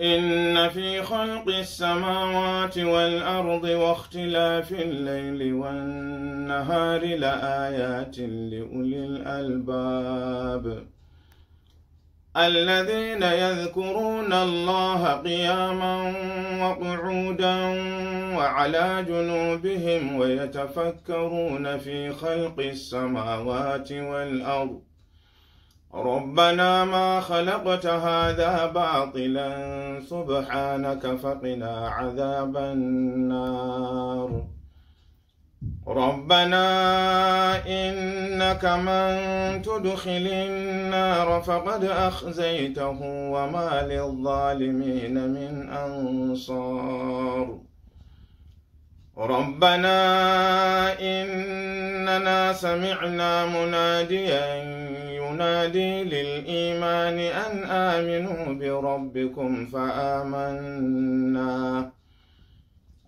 إن في خلق السماوات والأرض واختلاف الليل والنهار لآيات لأولي الألباب الذين يذكرون الله قياما وقعودا وعلى جنوبهم ويتفكرون في خلق السماوات والأرض ربنا ما خلقت هذا باطلا سبحانك فقنا عذاب النار ربنا إنك من تدخل النار فقد أخزيته وما للظالمين من أنصار ربنا إننا سمعنا مناديا ينادي للإيمان أن آمنوا بربكم فآمنا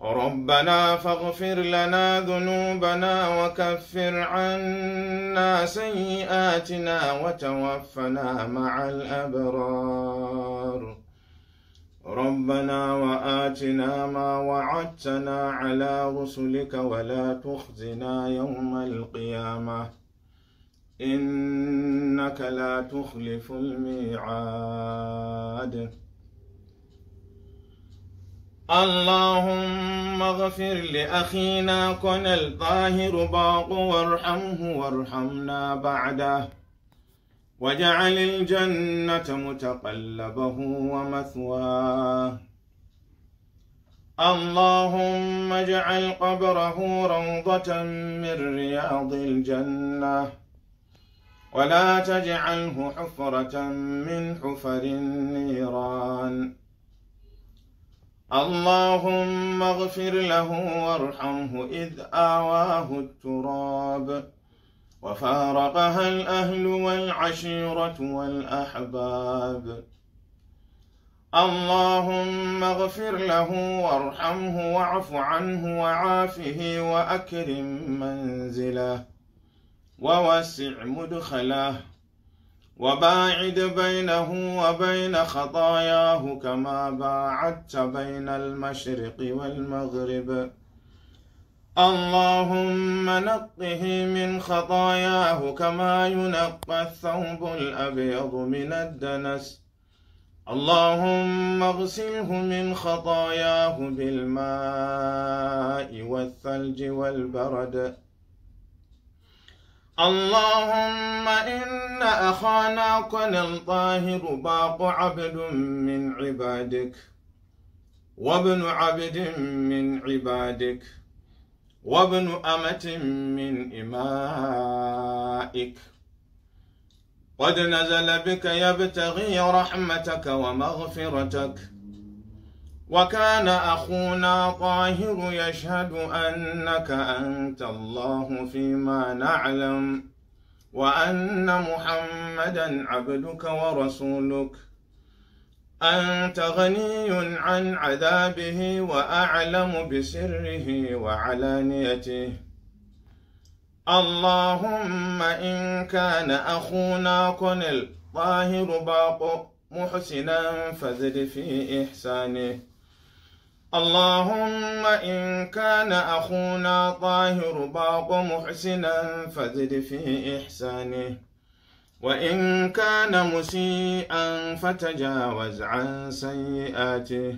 ربنا فاغفر لنا ذنوبنا وكفر عنا سيئاتنا وتوفنا مع الأبرار ربنا وآتنا ما وعدتنا على رسلك ولا تخزنا يوم القيامة إنك لا تخلف الميعاد اللهم اغفر لأخينا كن الطاهر باق وارحمه وارحمنا بعده وجعل الجنة متقلبه ومثواه اللهم اجعل قبره روضة من رياض الجنة ولا تجعله حفرة من حفر النيران اللهم اغفر له وارحمه إذ آواه التراب وفارقها الأهل والعشيرة والأحباب اللهم اغفر له وارحمه واعف عنه وعافه وأكرم منزله ووسع مدخله وباعد بينه وبين خطاياه كما باعدت بين المشرق والمغرب اللهم نقه من خطاياه كما ينقى الثوب الأبيض من الدنس اللهم اغسله من خطاياه بالماء والثلج والبرد اللهم إن أخانا كن طاهر باق عبد من عبادك وابن عبد من عبادك وابن أمة من إمائك قد نزل بك يبتغي رحمتك ومغفرتك وكان أخونا طاهر يشهد أنك أنت الله فيما نعلم وأن محمدا عبدك ورسولك أنت غني عن عذابه وأعلم بسره وعلانيته اللهم إن كان أخونا كن الظاهر باق محسنا فزد في إحسانه اللهم إن كان أخونا طاهر باق محسنا فزد في إحسانه وإن كان مسيئا فتجاوز عن سيئاته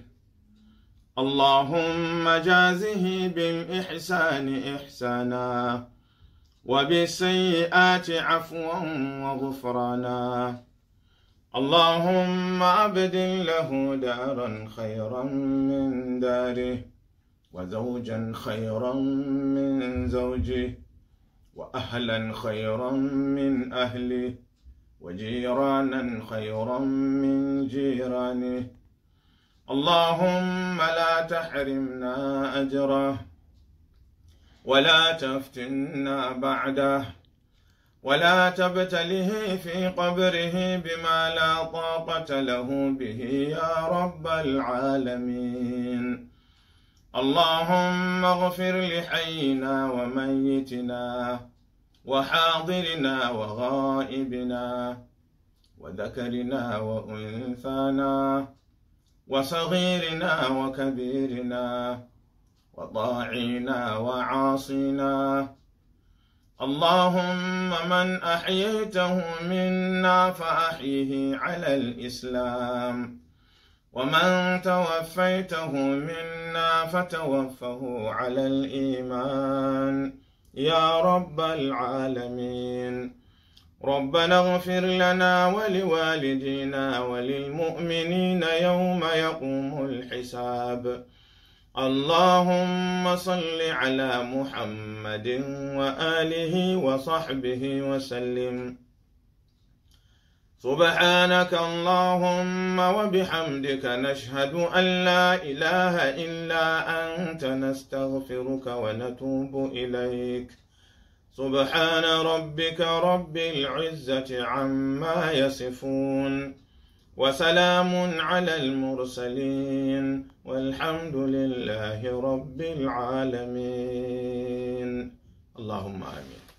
اللهم جازه بالإحسان إحسانا وبالسيئات عفوا وغفرانا اللهم أبدل له دارا خيرا من داره وزوجا خيرا من زوجه وأهلا خيرا من أهله وجيرانا خيرا من جيرانه اللهم لا تحرمنا أجره ولا تفتنا بعده ولا تبتله في قبره بما لا طاقة له به يا رب العالمين اللهم اغفر لحينا وميتنا وحاضرنا وغائبنا وذكرنا وأنثانا وصغيرنا وكبيرنا وطاعينا وعاصينا اللهم من أحييته منا فأحيه على الإسلام ومن توفيته منا فتوفه على الإيمان يا رب العالمين ربنا اغفر لنا ولوالدينا وللمؤمنين يوم يقوم الحساب اللهم صل على محمد وآله وصحبه وسلم سبحانك اللهم وبحمدك نشهد أن لا إله إلا أنت نستغفرك ونتوب إليك سبحان ربك رب العزة عما يصفون وسلام على المرسلين والحمد لله رب العالمين اللهم آمين